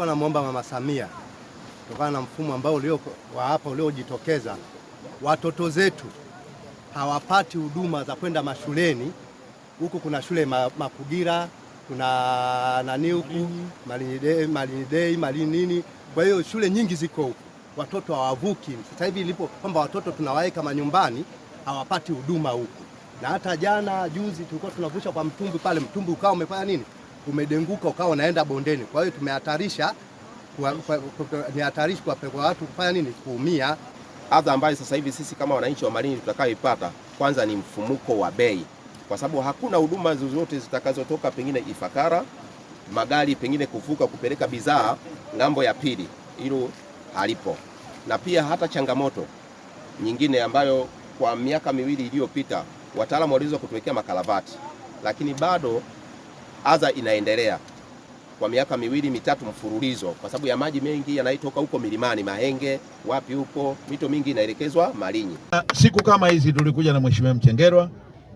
nilikuwa namwomba Mama Samia kutokana na mfumo ambao ulio wa hapa uliojitokeza, watoto zetu hawapati huduma za kwenda mashuleni. Huku kuna shule Makugira, kuna nani huku Malini Dei, Malini nini. Kwa hiyo shule nyingi ziko huku, watoto hawavuki. Sasa hivi ilipo kwamba watoto tunawaweka manyumbani, hawapati huduma huku, na hata jana juzi tulikuwa tunavusha kwa mtumbwi pale, mtumbwi ukawa umefanya nini umedenguka ukawa unaenda bondeni. Kwa hiyo tumehatarisha, ni hatarishi kuwapeleka watu kufanya nini, kuumia. Adha ambayo sasa hivi sisi kama wananchi wa Malinyi tutakayoipata kwanza ni mfumuko wa bei, kwa sababu hakuna huduma zozote zitakazotoka pengine Ifakara, magari pengine kuvuka kupeleka bidhaa ng'ambo ya pili, hilo halipo. Na pia hata changamoto nyingine ambayo kwa miaka miwili iliyopita wataalamu waliweza kutuwekea makalavati, lakini bado adha inaendelea kwa miaka miwili mitatu mfululizo, kwa sababu ya maji mengi yanaitoka huko milimani Mahenge, wapi huko, mito mingi inaelekezwa Malinyi. Siku kama hizi tulikuja na Mheshimiwa Mchengerwa,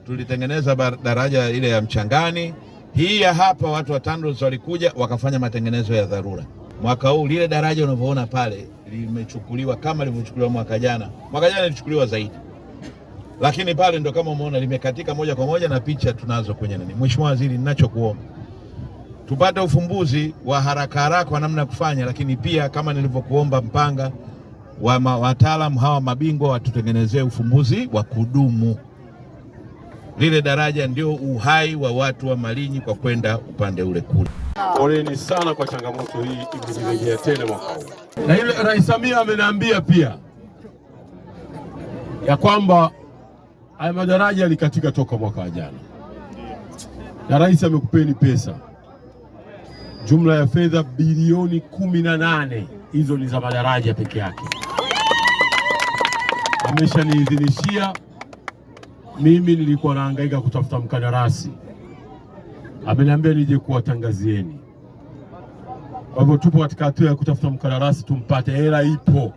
tulitengeneza daraja ile ya Mchangani. Hii ya hapa watu wa TANROADS walikuja wakafanya matengenezo ya dharura. Mwaka huu lile daraja unavyoona pale limechukuliwa kama lilivyochukuliwa mwaka jana. Mwaka jana lilichukuliwa zaidi lakini pale ndo kama umeona limekatika moja kwa moja na picha tunazo kwenye nani. Mheshimiwa Waziri, ninachokuomba tupate ufumbuzi wa haraka haraka wa namna ya kufanya, lakini pia kama nilivyokuomba Mpanga, wa wataalamu hawa mabingwa watutengenezee ufumbuzi wa kudumu. Lile daraja ndio uhai wa watu wa Malinyi kwa kwenda upande ule kule. Poleni sana kwa changamoto hii, imerejea tena mwaka huu. Na ile Rais Samia ameniambia pia ya kwamba Haya madaraja yalikatika toka mwaka wa jana, na rais amekupeni pesa jumla ya fedha bilioni kumi na nane. Hizo ni za madaraja peke yake. Ameshaniidhinishia mimi, nilikuwa naangaika kutafuta mkandarasi, ameniambia nije kuwatangazieni. Kwa hivyo tupo katika hatua ya kutafuta mkandarasi, tumpate. Hela ipo.